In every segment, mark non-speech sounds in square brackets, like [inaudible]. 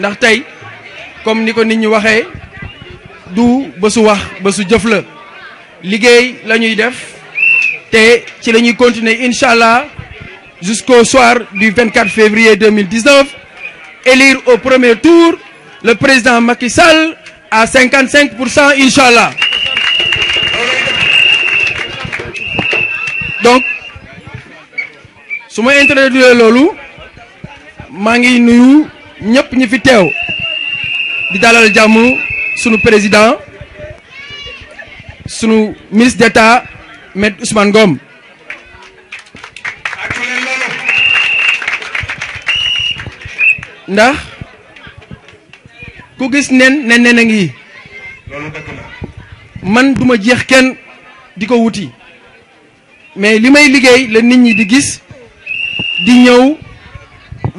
ndax tay comme niko nit ñi waxé du bësu wax bësu jëf la liggéey lañuy def té ci lañuy continuer inshallah jusqu'au soir du 24 février 2019 élire au premier tour le président Macky Sall à 55 inshallah donc suma ma introduire lolu ma ngi nuyu. ñëpp ñi fi teew di dalal jàmm sunu président sunu ministre d'État maître Ousmane Ngom ndax ku gis nen ne nen a ngi man duma jeex kenn di ko wuti mais li may liggéey la nit ñi di gis di ñëw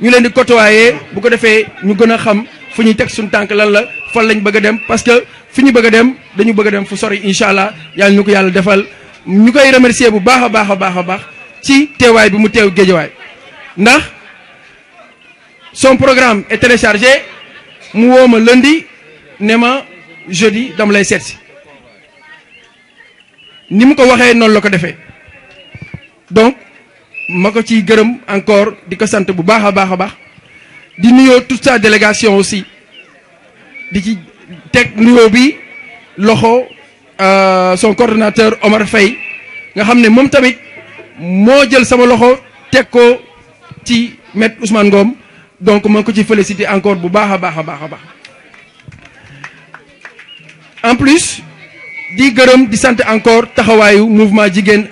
ñu leen di côtoyer bu ko defee ñu gën a xam fu ñuy teg suñu tànk lan la fan lañ bëgg dem parce que fi ñu bëgg a dem dañu bëgg dem fu sori incha allah yàlla ñu ko yàlla defal ñu koy remercier bu baax a baax a baax a baax ci teewaay bi mu teew géejawaay ndax son programme est téléchargé mu woo ma lundi ne ma jeudi dama lay seet si ni mu ko waxee noonu la ko defee mako ci encore di sante bu baaxa baaxa baax di nuyo toute sa délégation aussi di ci tek nuyo bi loxo euh, son coordinateur Omar Fay nga xam mom tamit mo jël sama loxo tek ko ci met Ousmane Ngom donc mako ci féliciter encore bu baaxa baaxa baaxa baax en plus di gërëm di sante encore taxawayu mouvement jigen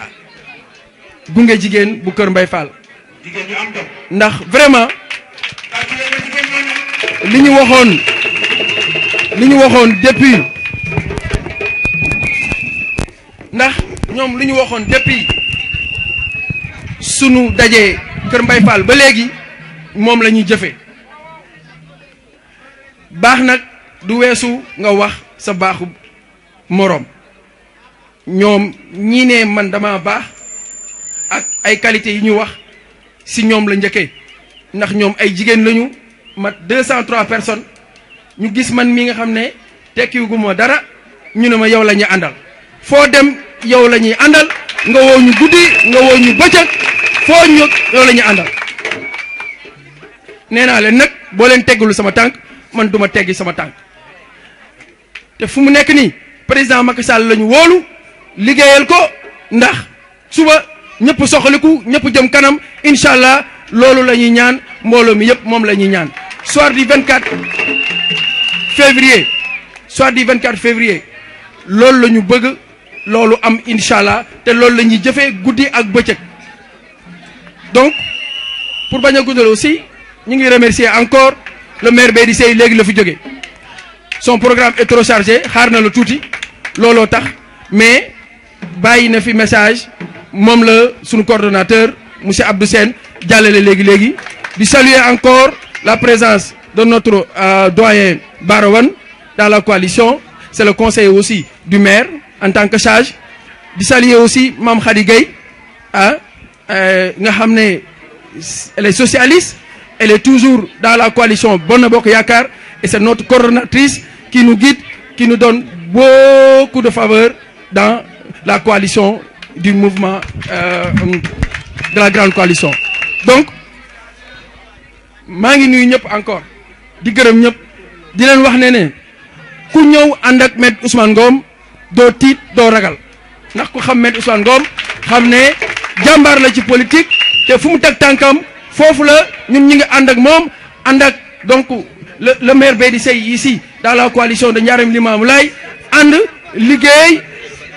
gunge jigen bu kër Mbay Fall ndax vraiment liñu waxone liñu waxone depuis ndax ñom liñu waxone depuis sunu dajé kër Mbay Fall ba légui mom lañuy jëfé bax ngawah du wessu nga wax sa baxu morom ñom ñi né man dama bax ay qualité yi ñu wax si ñom la njëkkee ndax ñom ay jigen lañu mat 203 personnes ñu gis man mi nga tekki ne tekkiwuguma dara ñu ne ma yow lañu andal fo andal, dem yow lañuy andal nga wo ñu guddi nga wo ñu bëccëg fo ñu yow lañu andal néna nee nak bo leen sama tank man duma téggi sama tank te fu mu nekk ni président Macky Sall lañu wolu ligéyal ko ndax suba ñëpp soxaliku ñëpp jëm kanam incha allah loolu la ñuy ñaan mbooloo mi yëpp moom la ñuy ñaan soir du 24 février soir du 24 février loolu la ñu bëgg loolu am incha allah te loolu la ñuy jëfee guddi ak bëccëg donc pour bañ a aussi ñu ngi remercier encore le maire Baïdy sey léegi la fi jógee son programme est trop chargé xaar na la tuuti looloo tax mais bàyyi na fi message même le sous coordonnateur monsieur Abdou Sen les saluer encore la présence de notre euh, doyen Barawan dans la coalition c'est le conseil aussi du maire en tant que charge di saluer aussi Mme Khady hein, euh, elle est socialiste elle est toujours dans la coalition Bonne yakar et c'est notre coordonnatrice qui nous guide qui nous donne beaucoup de faveurs dans la coalition du mouvement euh, de la grande coalition donc je ne encore di gërëm ñëpp di leen wax ne ne ku ñëw and ak met Ousmane Ngom do tit do ragal ndax ku xam politique te fu mu teg tankam fofu la ñun ñi nga and ak donc le maire Bédi ici dans la coalition de que Lay and liggéey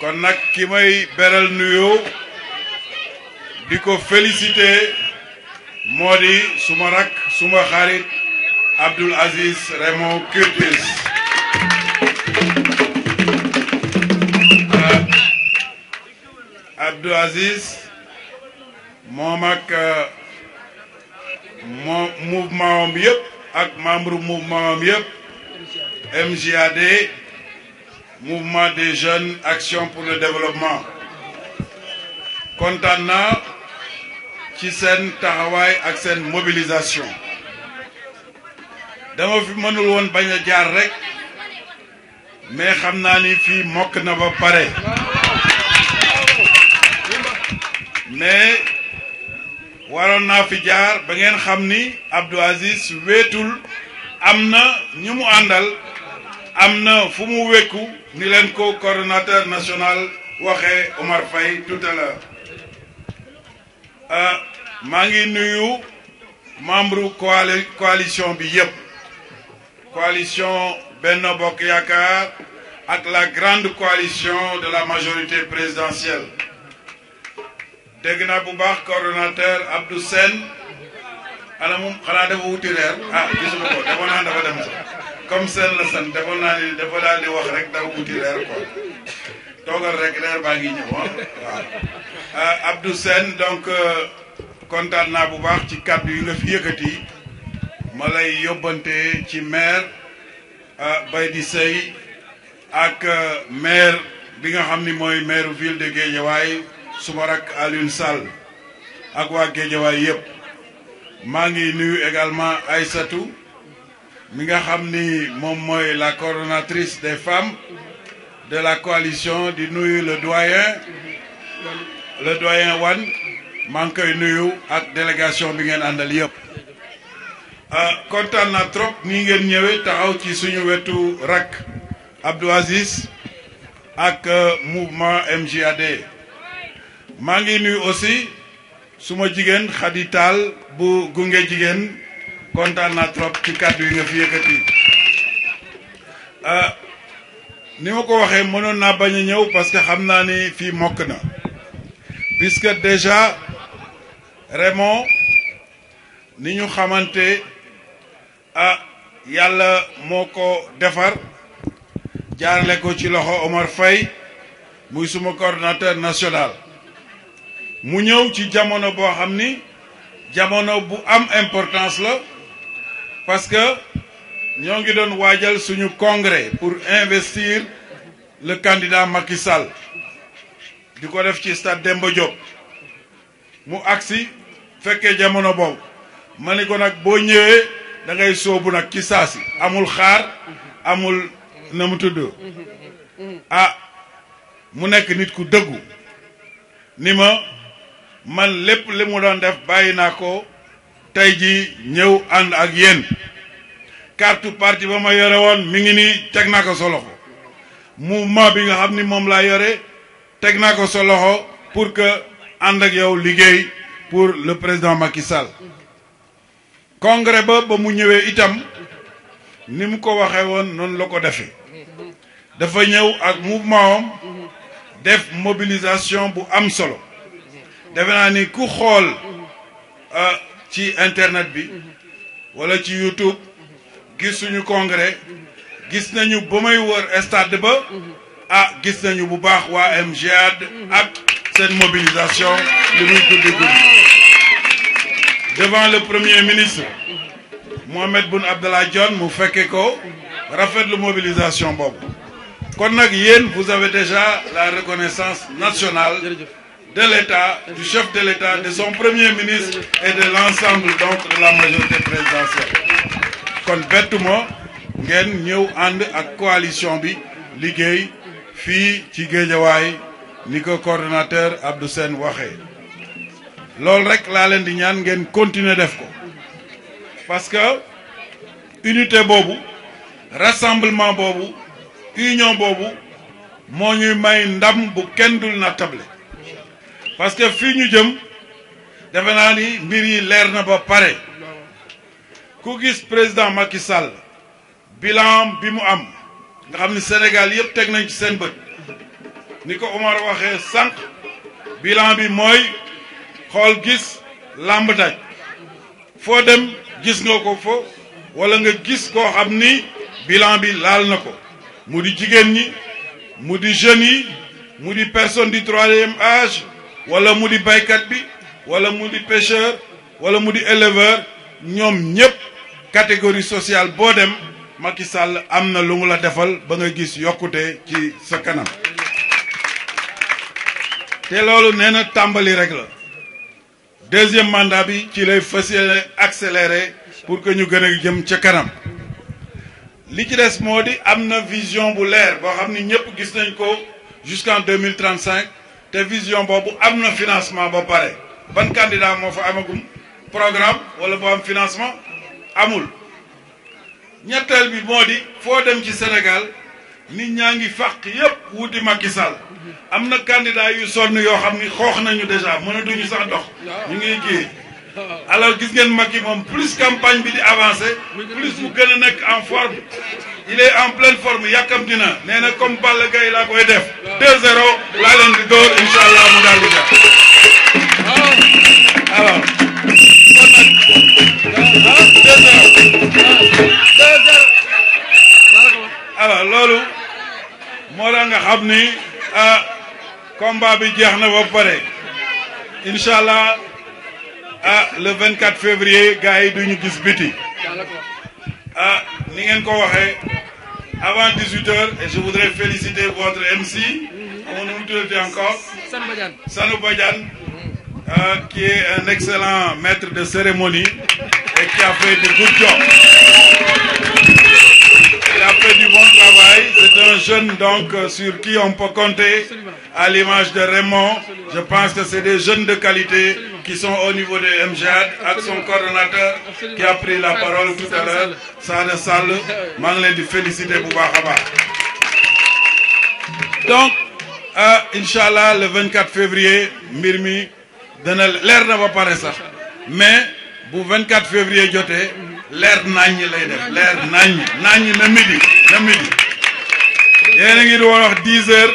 kon nag ki may beral nuyoo di ko félicité moo di suma rakk suma xarit Abdoul Aziz Raymond Curtis euh, Abdoul Aziz moom ak euh, moom mouvement am yëpp ak membre mouvement am yëpp MJAD mouvement des jeunes action pour le développement kontaan naa ci seen mobilisation dama fi mënul woon bañ a jaar rek mais xam ni fii mokk na ba pare mais fi ba ngeen ni Abdou Aziz weetul amna Amna fumu Nilenko, coordonnateur national waxe Omar Faye tout à l'heure euh, maa ngi nuyu membre coalition bi coalition Benno Bokk yakar la grande coalition de la majorité présidentielle Degna Boubach, bu coordonnateur Abdou Sen ah comme seen la sant defoon naa ni dafa daal di wax rek daw wuti reer quoi toogal rek reer baa ngi ñëw ah. waaw euh, Abdou Sène donc euh, kontaan naa bu baax ci kàddu yi nga fi yëkkati ma lay yóbbante ci maire euh, di Seye ak maire bi nga xam ni mooy maire ville de Guédiawaye suma rak Alioune Sall ak waa Guédiawaye yëpp maa ngi nuyu également Aïssatou mi nga xam la coronatrice des femmes de la coalition du nuyu le doyen le doyen Wan maa ngi koy nuyu ak délégation bi ngeen àndal yëpp. Euh, kontaan na trop nii ngeen ñëwee taxaw ci suñu rak Abdou Aziz ak euh, mouvement MJAD Mangi ngi nuyu aussi suma jigen Khadital, Bou bu gunge jigen kontaan naa trop ci kàddu yi nga fi yëkkati ah, ni ma ko waxee mënoon naa bañ a ñëw parce que xam naa ni fii mokk na puisque déjà Raymond ni ñu xamante ah yàlla moo ko defar jaarale ko ci loxo Omar Faye muy suma coordonnateur national mu ñëw ci jamono boo xam ni jamono bu am importance la parce que nous avons donné un congrès pour investir le candidat Macky Sall di ko def stade Demba Diop mu fait. fekkee jamono boobu ma ni ko da amul xaar amul na ah mu nit ku Je man tey jii ñëw ànd ak yéen carte parti ba ma yore woon mi ngi nii teg naa ko mouvement bi nga xamni mom la laa yore solo ko pour que andré ak yow liguey pour le président Macky Sall. congrès ba ba mu ñëwee itam ni mu ko waxé won non la ko défé dafa ñëw ak mouvement am def mobilisation bu am solo defe ni ku euh, ci internet bi YouTube congrès gis nañu stade ah mobilisation devant le premier ministre Mohamed Boun Abdallah Moufekeko, ko mobilisation kon vous avez déjà la reconnaissance nationale de l'État, du chef de l'État, de son Premier ministre et de l'ensemble donc de la majorité présidentielle nous nous avons ngeen une coalition de liggéey la ci Géejawaay coordonnateur Abdou Sen waxee C'est rek que nous di ñaan continuer parce que l'unité, le rassemblement l'union, union Bobu, moo ñuy may pour bu na table parce que là ñu jëm defe Nous ni mbir yi ba gis président Macky bilan bi mu am nga xamni Sénégal yépp nañ ci ni ko Omar bilan bi gis daj dem gis nga ko fo wala nga gis bilan bi laal na ko mu di jigéen ñi mu personne du troisième âge wala mu di baykat bi wala mu di pêcheur wala mu di éleveur ñom ñep catégorie sociale bo dem Macky Sall am lu mu la defal ba nga gis yokuté ci sa kanam té lolu néna tambali rek la deuxième mandat bi ci lay fas accélérer pour que ñu gëna jëm ca kanam li ci dess modi amna vision bu lèr bo xamni ñep gis nañ ko jusqu'en 2035 te vision boobu am na financement ba pare ban candidat moo fa amagum programme wala boo am financement amul ñetteel bi moo di foo dem ci Sénégal nit ñaa ngi fàq yépp wuti Macky sal am na candidat yu sonn yoo xam ni xoox nañu déjà mënatuñu sax dox ñu ngi kii alors gis ngeen Macky Mom, plus campagne bi di plus vous êtes en forme il est en pleine forme il y a comme Balla Gaye koy def 2-0 a leen di door incha alors 2-0. alors Lolu, moo tax nga xam ah combat bi jeex ba ah, le 24 février gars yi ah, avant 18 h et je voudrais féliciter votre MC on nous encore euh, qui est un excellent maître de cérémonie et qui a fait du good job il a fait du bon travail c'est un jeune donc euh, sur qui on peut compter à l'image de Raymond je pense que c'est des jeunes de qualité qui sont au niveau de MJAD avec son coordonnateur qui a pris la parole tout à l'heure ça Sall [laughs] maa je di féliciter pour donc à euh, inchallah le 24 février Mirmi, l'air ne va pas ça. Mais ça mais pour 24 février l'air l'air pas l'air, l'air leer naññi naññi na midi na midi a 10 heures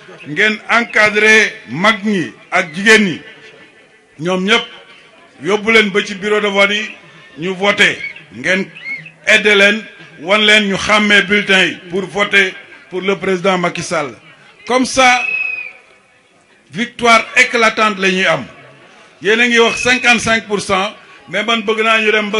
avons encadré magni et ak nous avons voté ñëpp ba ci bureau de vote yi ñu aidé len wan len ñu bulletin pour voter pour le président Macky Sall comme ça victoire éclatante la ñuy am mais nous avons 65% ñu dem ba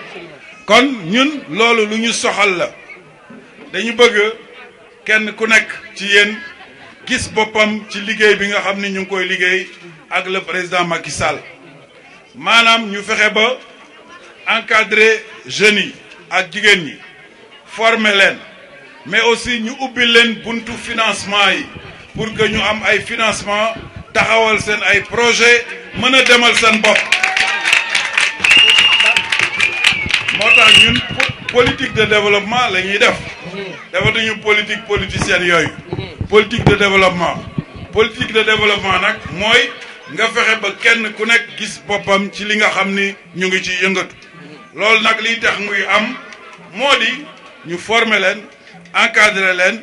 kon ñun loolu lu ñu soxal la dañu bëgg kenn ku nekk ci yéen gis boppam ci liggéey bi nga xam ni ñu ngi koy liggéey ak le président Macky Sall maanaam ñu fexe ba encadrer jeunes yi ak jigéen ñi former leen mais aussi ñu ubbi leen buntu financement yi pour que ñu am ay financement taxawal seen ay projet mën a demal seen bopp moo tax ñun politique de développement la ñuy def defatuñu politique politicienne yooyu politique de développement politique de développement nag mooy nga fexe ba kenn ku nekk gis boppam ci li nga xam ni ñu ngi ci yëngatu loolu nag liy tax muy am moo di ñu former leen encadrer leen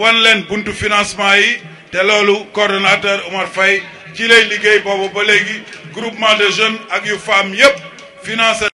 wan leen buntu financement yi te loolu coordonnateur Omar Faye ci lay liggéey boobu ba léegi groupement de jeunes ak yu femmes yëpp financé